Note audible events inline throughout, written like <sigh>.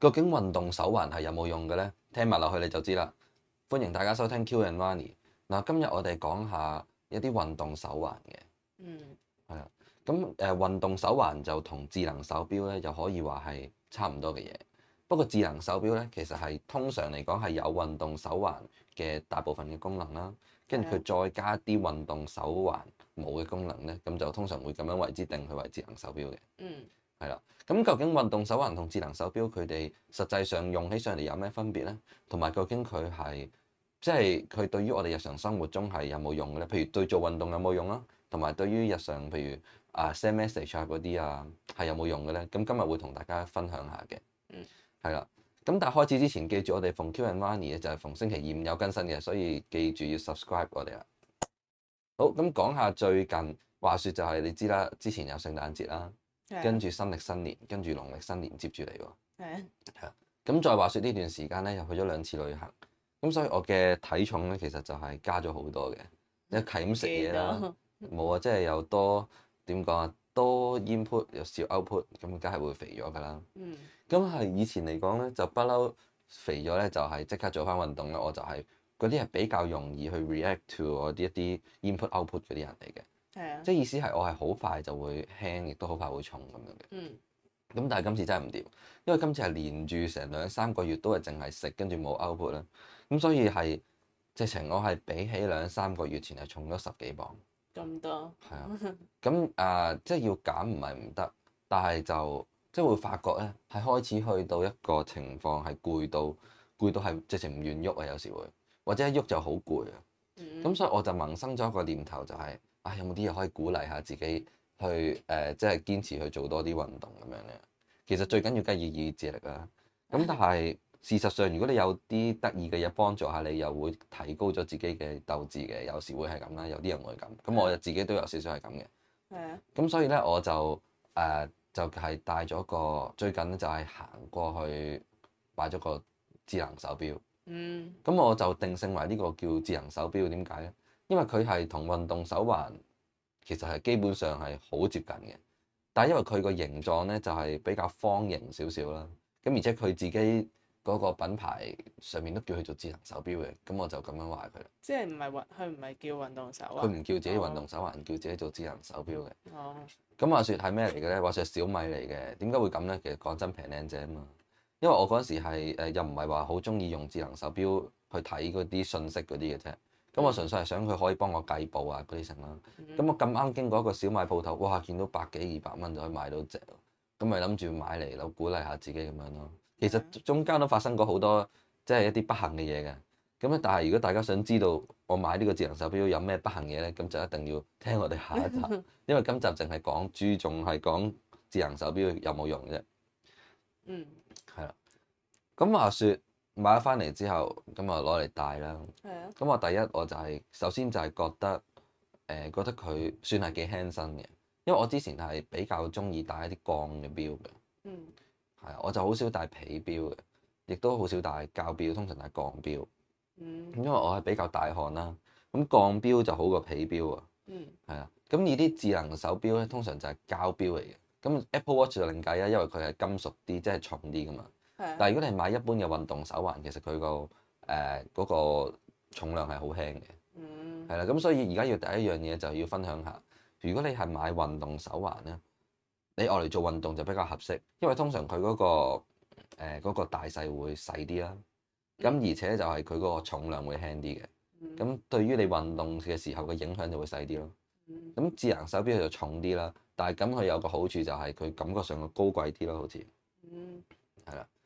究竟運動手環係有冇用嘅呢？聽埋落去你就知啦。歡迎大家收聽 Q and Ronnie。嗱，今日我哋講下一啲運動手環嘅。嗯，係啦、嗯。咁誒運動手環就同智能手錶呢，又可以話係差唔多嘅嘢。不過智能手錶呢，其實係通常嚟講係有運動手環嘅大部分嘅功能啦。跟住佢再加啲運動手環冇嘅功能呢，咁就通常會咁樣為之定佢為智能手錶嘅。嗯。係啦，咁、嗯、究竟運動手環同智能手錶佢哋實際上用起上嚟有咩分別咧？同埋究竟佢係即係佢對於我哋日常生活中係有冇用嘅咧？譬如對做運動有冇用啦？同埋對於日常譬如啊 send message 嗰啲啊係、啊、有冇用嘅咧？咁今日會同大家分享下嘅，嗯，係啦，咁但係開始之前記住我哋逢 Q and Money 咧就係逢星期二五有更新嘅，所以記住要 subscribe 我哋啦。好，咁講下最近話説就係、是、你知啦，之前有聖誕節啦。跟住新曆新年，跟住農曆新年接住嚟喎。係啊，係啊。咁再話説呢段時間咧，又去咗兩次旅行，咁所以我嘅體重咧，其實就係加咗好多嘅。你係咁食嘢啦，冇啊，即係有多點講啊，多 input 有少 output，咁梗係會肥咗噶啦。嗯。咁係以前嚟講咧，就不嬲肥咗咧，就係即刻做翻運動咧，我就係嗰啲係比較容易去 react to 我啲一啲 input output 嗰啲人嚟嘅。即係意思係我係好快就會輕，亦都好快會重咁樣嘅。嗯，咁但係今次真係唔掂，因為今次係連住成兩三個月都係淨係食，跟住冇 output 啦。咁、嗯、所以係直情我係比起兩三個月前係重咗十幾磅咁多。係啊，咁誒、呃，即係要減唔係唔得，但係就即係會發覺咧係開始去到一個情況係攰到攰到係直情唔願喐啊，有時會或者一喐就好攰啊。咁、嗯、所以我就萌生咗一個念頭、就是，就係。啊、哎，有冇啲嘢可以鼓勵下自己去誒，即、呃、係堅持去做多啲運動咁樣咧？其實最緊要梗係要意志力啦。咁但係事實上，如果你有啲得意嘅嘢幫助下你，又會提高咗自己嘅鬥志嘅。有時會係咁啦，有啲人會咁。咁我就自己都有少少係咁嘅。係啊。咁所以咧，我就誒、呃、就係、是、帶咗個最近就係行過去買咗個智能手錶。嗯。咁我就定性為呢個叫智能手錶，點解咧？因為佢係同運動手環其實係基本上係好接近嘅，但係因為佢個形狀呢就係比較方形少少啦，咁而且佢自己嗰個品牌上面都叫佢做智能手錶嘅，咁我就咁樣話佢啦。即係唔係運？佢唔係叫運動手環，啊。佢唔叫自己運動手環，叫自己做智能手錶嘅。哦。咁話説係咩嚟嘅呢？話説係小米嚟嘅。點解會咁呢？其實講真平靚正啊嘛。因為我嗰陣時係、呃、又唔係話好中意用智能手錶去睇嗰啲信息嗰啲嘅啫。咁我純粹係想佢可以幫我計步啊嗰啲剩啦。咁我咁啱經過一個小賣鋪頭，哇！見到百幾二百蚊就可以買到隻，咁咪諗住買嚟咯，鼓勵下自己咁樣咯。其實中間都發生過好多，即係一啲不幸嘅嘢嘅。咁咧，但係如果大家想知道我買呢個智能手錶有咩不幸嘢咧，咁就一定要聽我哋下一集，因為今集淨係講注重係講智能手錶有冇用啫。嗯，係啦。咁話說。買咗翻嚟之後，咁啊攞嚟戴啦。係啊。咁我第一我就係首先就係覺得，誒覺得佢算係幾輕身嘅，因為我之前係比較中意戴一啲鋼嘅錶嘅。嗯。係啊，我就好少戴皮錶嘅，亦都好少戴膠錶，通常戴鋼錶。嗯。因為我係比較大汗啦，咁鋼錶就好過皮錶啊。嗯。係啊，咁而啲智能手錶咧，通常就係膠錶嚟嘅。咁 Apple Watch 就另計啊，因為佢係金屬啲，即係重啲噶嘛。但係如果你係買一般嘅運動手環，其實佢、呃嗰個誒嗰重量係好輕嘅，係啦、嗯。咁所以而家要第一樣嘢就要分享下，如果你係買運動手環咧，你愛嚟做運動就比較合適，因為通常佢嗰、呃嗰個誒大細會細啲啦。咁而且就係佢嗰個重量會輕啲嘅，咁、嗯、對於你運動嘅時候嘅影響就會細啲咯。咁智能手錶就重啲啦，但係咁佢有個好處就係佢感覺上個高貴啲咯，好似，係啦、嗯。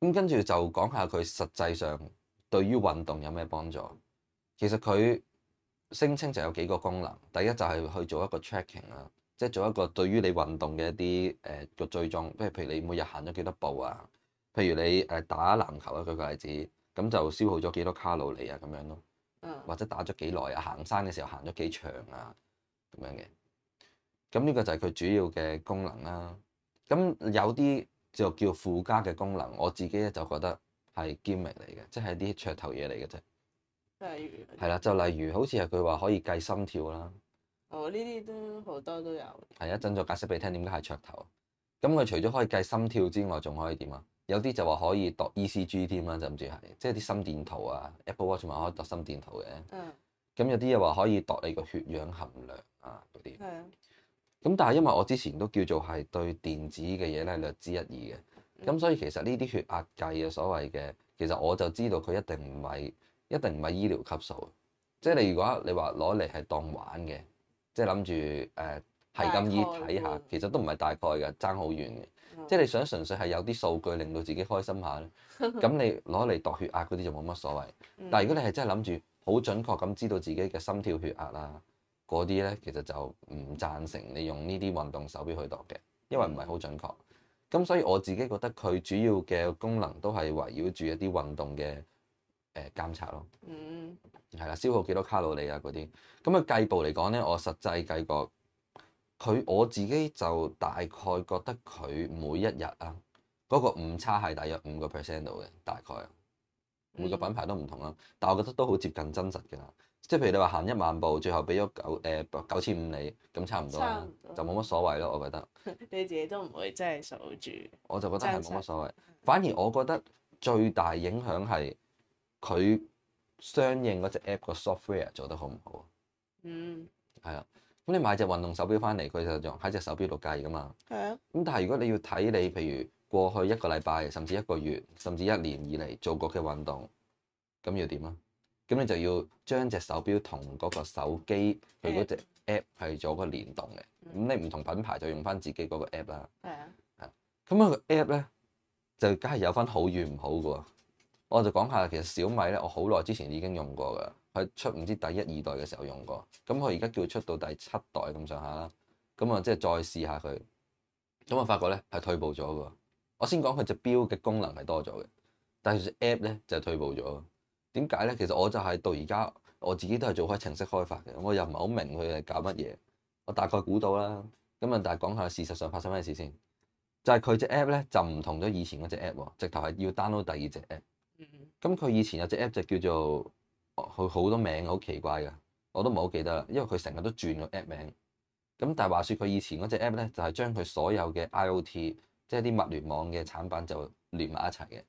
咁跟住就講下佢實際上對於運動有咩幫助。其實佢聲稱就有幾個功能，第一就係去做一個 tracking 啦，即係做一個對於你運動嘅一啲誒、呃、個追蹤，即係譬如你每日行咗幾多步啊，譬如你誒打籃球啊個例子，咁就消耗咗幾多卡路里啊咁樣咯，嗯、或者打咗幾耐啊，行山嘅時候行咗幾長啊咁樣嘅。咁呢個就係佢主要嘅功能啦、啊。咁有啲就叫附加嘅功能，我自己咧就覺得係 g 明嚟嘅，即係啲噱頭嘢嚟嘅啫。例如，係啦，就例如好似係佢話可以計心跳啦。哦，呢啲都好多都有。係啊，陣再解釋俾聽點解係噱頭。咁佢除咗可以計心跳之外，仲可以點啊？有啲就話可以度 ECG 咩？就諗住係，即係啲心電圖啊。Apple Watch 咪可以度心電圖嘅。嗯。咁有啲又話可以度你個血氧含量啊嗰啲。係啊。嗯。咁但係因為我之前都叫做係對電子嘅嘢咧略知一二嘅，咁所以其實呢啲血壓計嘅所謂嘅，其實我就知道佢一定唔係一定唔係醫療級數，即係你如果話你話攞嚟係當玩嘅，即係諗住誒係咁意睇下，其實都唔係大概嘅，爭好遠嘅，嗯、即係你想純粹係有啲數據令到自己開心下咧，咁你攞嚟度血壓嗰啲就冇乜所謂。但係如果你係真係諗住好準確咁知道自己嘅心跳血壓啊～嗰啲咧，其實就唔贊成你用呢啲運動手錶去度嘅，因為唔係好準確。咁所以我自己覺得佢主要嘅功能都係圍繞住一啲運動嘅誒、呃、監測咯。嗯，係啦，消耗幾多卡路里啊嗰啲。咁佢、嗰個、計步嚟講咧，我實際計過佢，我自己就大概覺得佢每一日啊，嗰、嗰個誤差係大約五個 percent 度嘅，大概。每個品牌都唔同啦，但係我覺得都好接近真實㗎喇。即係譬如你話行一萬步，最後俾咗九誒、九千五你咁，差唔多啦，多就冇乜所謂咯。我覺得你自己都唔會真係數住，我就覺得係冇乜所謂。實反而我覺得最大影響係佢相應嗰隻 app 個 software 做得好唔好。嗯，係啊。咁你買隻運動手錶翻嚟，佢就用喺隻手錶度計㗎嘛。係啊的。咁但係如果你要睇你譬如過去一個禮拜，甚至一個月，甚至一年以嚟做過嘅運動，咁要點啊？咁你就要將隻手錶同嗰個手機佢嗰隻 app 係做個連動嘅。咁、mm hmm. 你唔同品牌就用翻自己嗰個 app 啦。係啊。咁啊個 app 咧就梗係有分好與唔好嘅喎。我就講下其實小米咧，我好耐之前已經用過㗎。佢出唔知第一二代嘅時候用過，咁佢而家叫出到第七代咁上下啦。咁啊即係再試下佢，咁我發覺咧係退步咗嘅。我先講佢隻錶嘅功能係多咗嘅，但係 app 咧就係、退步咗。點解咧？其實我就係到而家，我自己都係做開程式開發嘅。我又唔係好明佢係搞乜嘢，我大概估到啦。咁啊，但係講下事實上發生咩事先，就係佢隻 app 咧就唔同咗以前嗰隻 app，直頭係要 download 第二隻 app。咁佢以前有隻 app 就叫做佢好多名，好奇怪嘅，我都唔好記得啦，因為佢成日都轉個 app 名。咁但係話說佢以前嗰隻 app 咧，就係將佢所有嘅 IoT，即係啲物聯網嘅產品就連埋一齊嘅，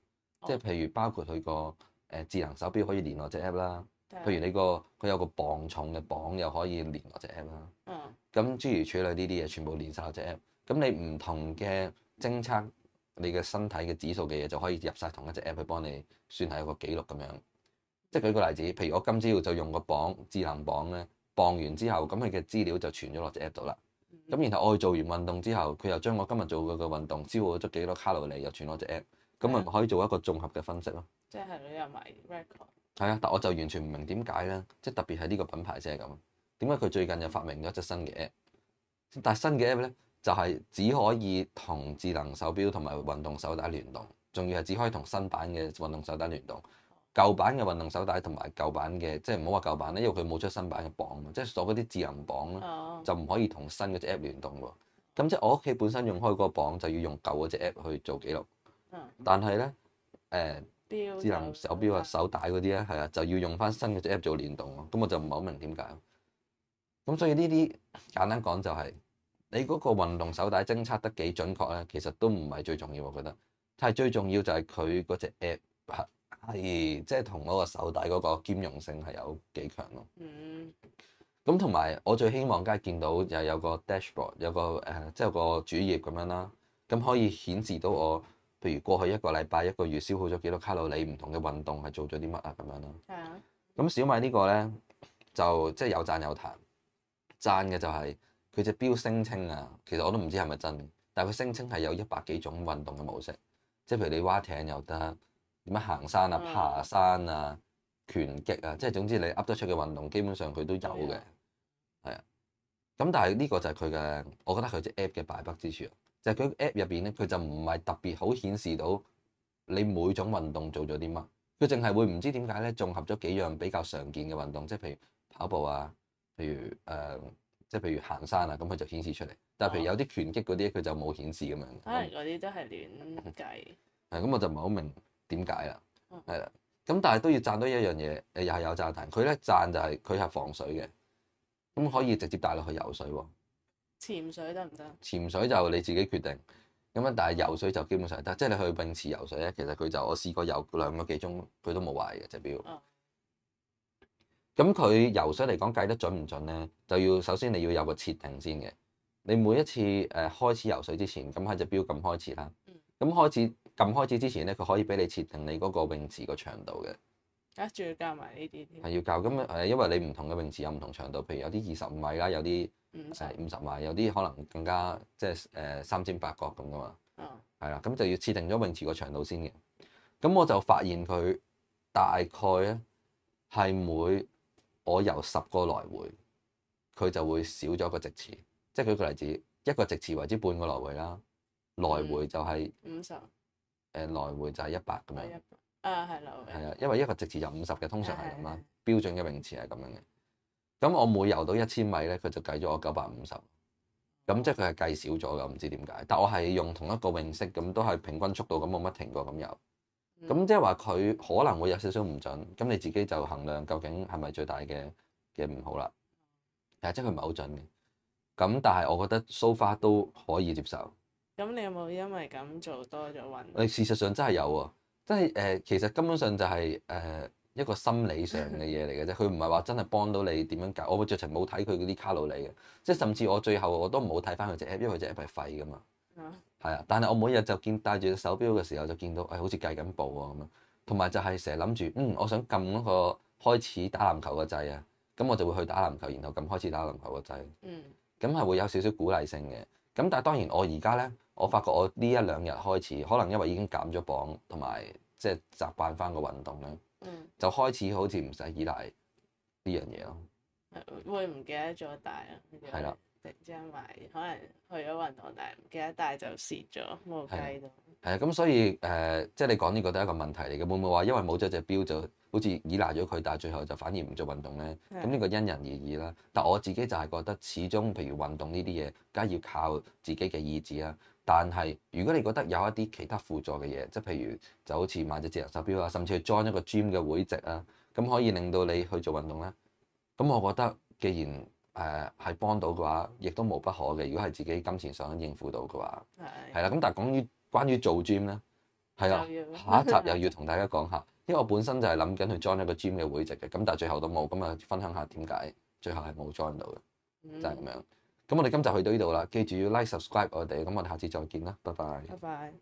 即係譬如包括佢個。誒智能手錶可以連落隻 app 啦，譬如你個佢有個磅重嘅磅又可以連落隻 app 啦，咁諸如此類呢啲嘢全部連晒落隻 app，咁你唔同嘅偵測你嘅身體嘅指數嘅嘢就可以入晒同一隻 app 去幫你算係一個記錄咁樣。即係舉個例子，譬如我今朝就用個磅智能磅咧磅完之後，咁佢嘅資料就傳咗落隻 app 度啦，咁然後我做完運動之後，佢又將我今日做嘅個運動消耗咗幾多卡路里又傳落隻 app。咁咪可以做一個綜合嘅分析咯。即係咯，又買 record。係啊，但我就完全唔明點解呢，即係特別係呢個品牌先係咁。點解佢最近又發明咗一隻新嘅 app？但新嘅 app 呢，就係只可以同智能手錶同埋運動手帶聯動，仲要係只可以同新版嘅運動手帶聯動。舊版嘅運動手帶同埋舊版嘅即係唔好話舊版咧，因為佢冇出新版嘅錶即係鎖嗰啲智能錶、哦、就唔可以同新嗰隻 app 聯動喎。咁即係我屋企本身用開嗰個錶就要用舊嗰隻 app 去做記錄。但係咧，誒、欸、智能手錶啊、手帶嗰啲咧，係啊，就要用返新嘅隻 app 做連動喎。咁我就唔係好明點解。咁所以呢啲簡單講就係、是、你嗰個運動手帶偵測得幾準確咧，其實都唔係最重要，我覺得。係最重要就係佢嗰隻 app 係即係同嗰個手帶嗰個兼容性係有幾強咯。嗯。咁同埋我最希望而家見到又有個 dashboard，有個誒即係個主頁咁樣啦，咁可以顯示到我。譬如過去一個禮拜、一個月消耗咗幾多卡路里，唔同嘅運動係做咗啲乜啊咁樣咯。係啊。咁的小米個呢個咧就即係、就是、有讚有彈，讚嘅就係佢隻錶聲稱啊，其實我都唔知係咪真，但係佢聲稱係有一百幾種運動嘅模式，即係譬如你蛙艇又得，點樣行山啊、爬山啊、拳擊啊，即係、嗯、總之你噏得出嘅運動基本上佢都有嘅，係啊的。咁但係呢個就係佢嘅，我覺得佢隻 app 嘅敗北之處。就係佢 app 入邊咧，佢就唔係特別好顯示到你每種運動做咗啲乜，佢淨係會唔知點解咧，綜合咗幾樣比較常見嘅運動，即係譬如跑步啊，譬如誒，即、呃、係譬如行山啊，咁佢就顯示出嚟。但係譬如有啲拳擊嗰啲，佢就冇顯示咁樣。係嗰啲都係亂計。係，咁我就唔係好明點解啦。係啦、哦，咁但係都要讚多一樣嘢，誒又係有讚彈。佢咧讚就係佢係防水嘅，咁可以直接帶落去游水喎。潛水得唔得？潛水就你自己決定咁樣！但係游水就基本上得，即係你去泳池游水咧，其實佢就我試過游兩個幾鐘，佢都冇壞嘅隻表。咁佢、哦、游水嚟講計得準唔準咧？就要首先你要有個設定先嘅。你每一次誒、呃、開始游水之前，咁喺隻表撳開始啦。咁、嗯、開始撳開始之前咧，佢可以俾你設定你嗰個泳池個長度嘅。啊！仲要教埋呢啲？係要教咁啊？誒，因為你唔同嘅泳池有唔同長度，譬如有啲二十五米啦，有啲。有就係五十米，50. 有啲可能更加即係誒三尖八角咁噶嘛，係啦、哦，咁就要設定咗泳池個長度先嘅。咁我就發現佢大概咧係每我游十個來回，佢就會少咗一個直池。即係舉個例子，一個直池為之半個來回啦，來回就係五十誒，來回就係一百咁樣。一百、嗯、啊，係來回，係啊，因為一個直池有五十嘅，通常係咁啦，的標準嘅泳池係咁樣嘅。咁我每游到一千米咧，佢就計咗我九百五十，咁即係佢係計少咗噶，唔知點解。但我係用同一個泳式，咁都係平均速度，咁冇乜停過咁游，咁、嗯、即係話佢可能會有少少唔準，咁你自己就衡量究竟係咪最大嘅嘅唔好啦。其實佢唔係好準嘅。咁但係我覺得 so far 都可以接受。咁你有冇因為咁做多咗運動？事實上真係有喎，即係誒，其實根本上就係、是、誒。呃一個心理上嘅嘢嚟嘅啫，佢唔係話真係幫到你點樣計。我直情冇睇佢嗰啲卡路里嘅，即係甚至我最後我都唔好睇翻佢隻 app，因為佢隻 app 係廢㗎嘛。係啊，但係我每日就見戴住隻手錶嘅時候就見到，誒、哎、好似計緊步喎咁樣，同埋就係成日諗住，嗯，我想撳嗰個開始打籃球個掣啊，咁我就會去打籃球，然後撳開始打籃球個掣。嗯，咁係會有少少鼓勵性嘅。咁但係當然我而家咧，我發覺我呢一兩日開始，可能因為已經減咗磅，同埋即係習慣翻個運動咧。就開始好似唔使依賴呢樣嘢咯，會唔記得咗帶啊？係啦，突然之間可能去咗運動，但係唔記得帶就蝕咗，冇計到。係啊，咁所以誒，即、呃、係、就是、你講呢個都係一個問題嚟嘅。會唔會話因為冇咗隻錶就好似依賴咗佢，但係最後就反而唔做運動咧？咁呢的個因人而異啦。但係我自己就係覺得，始終譬如運動呢啲嘢，梗係要靠自己嘅意志啊。但係，如果你覺得有一啲其他輔助嘅嘢，即係譬如就好似買隻智能手錶啊，甚至去 join 一個 gym 嘅會籍啊，咁可以令到你去做運動咧。咁我覺得，既然誒係、呃、幫到嘅話，亦都無不可嘅。如果係自己金錢上應付到嘅話，係。係啦，咁但係講於關於做 gym 咧，係啊，下一集又要同大家講下， <laughs> 因為我本身就係諗緊去 join 一個 gym 嘅會籍嘅，咁但係最後都冇，咁啊分享下點解最後係冇 join 到嘅，就係、係、咁樣。咁我哋今集去到呢度啦，記住要 like subscribe 我哋，咁我哋下次再見啦，拜拜拜拜。